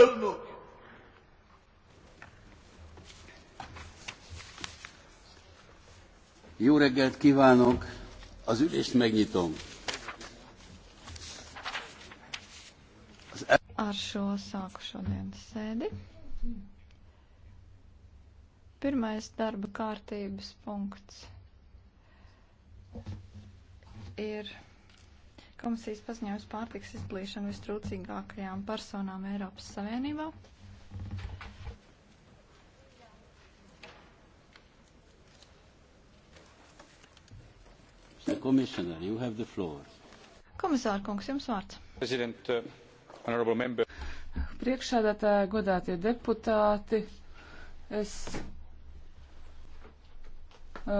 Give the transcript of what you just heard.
elnök! Jó reggelt kívánok! Az ülést megnyitom. Az el... Ar šo sāku šodienas sēdi. Pirmais darba kārtības punkts ir Komisijas paziņojums pārtiks izplīšanu vistrūcīgākajām personām Eiropas Savienībā. Komisāra kungs, jums vārds. Priekšsēdētāji, godātie deputāti, es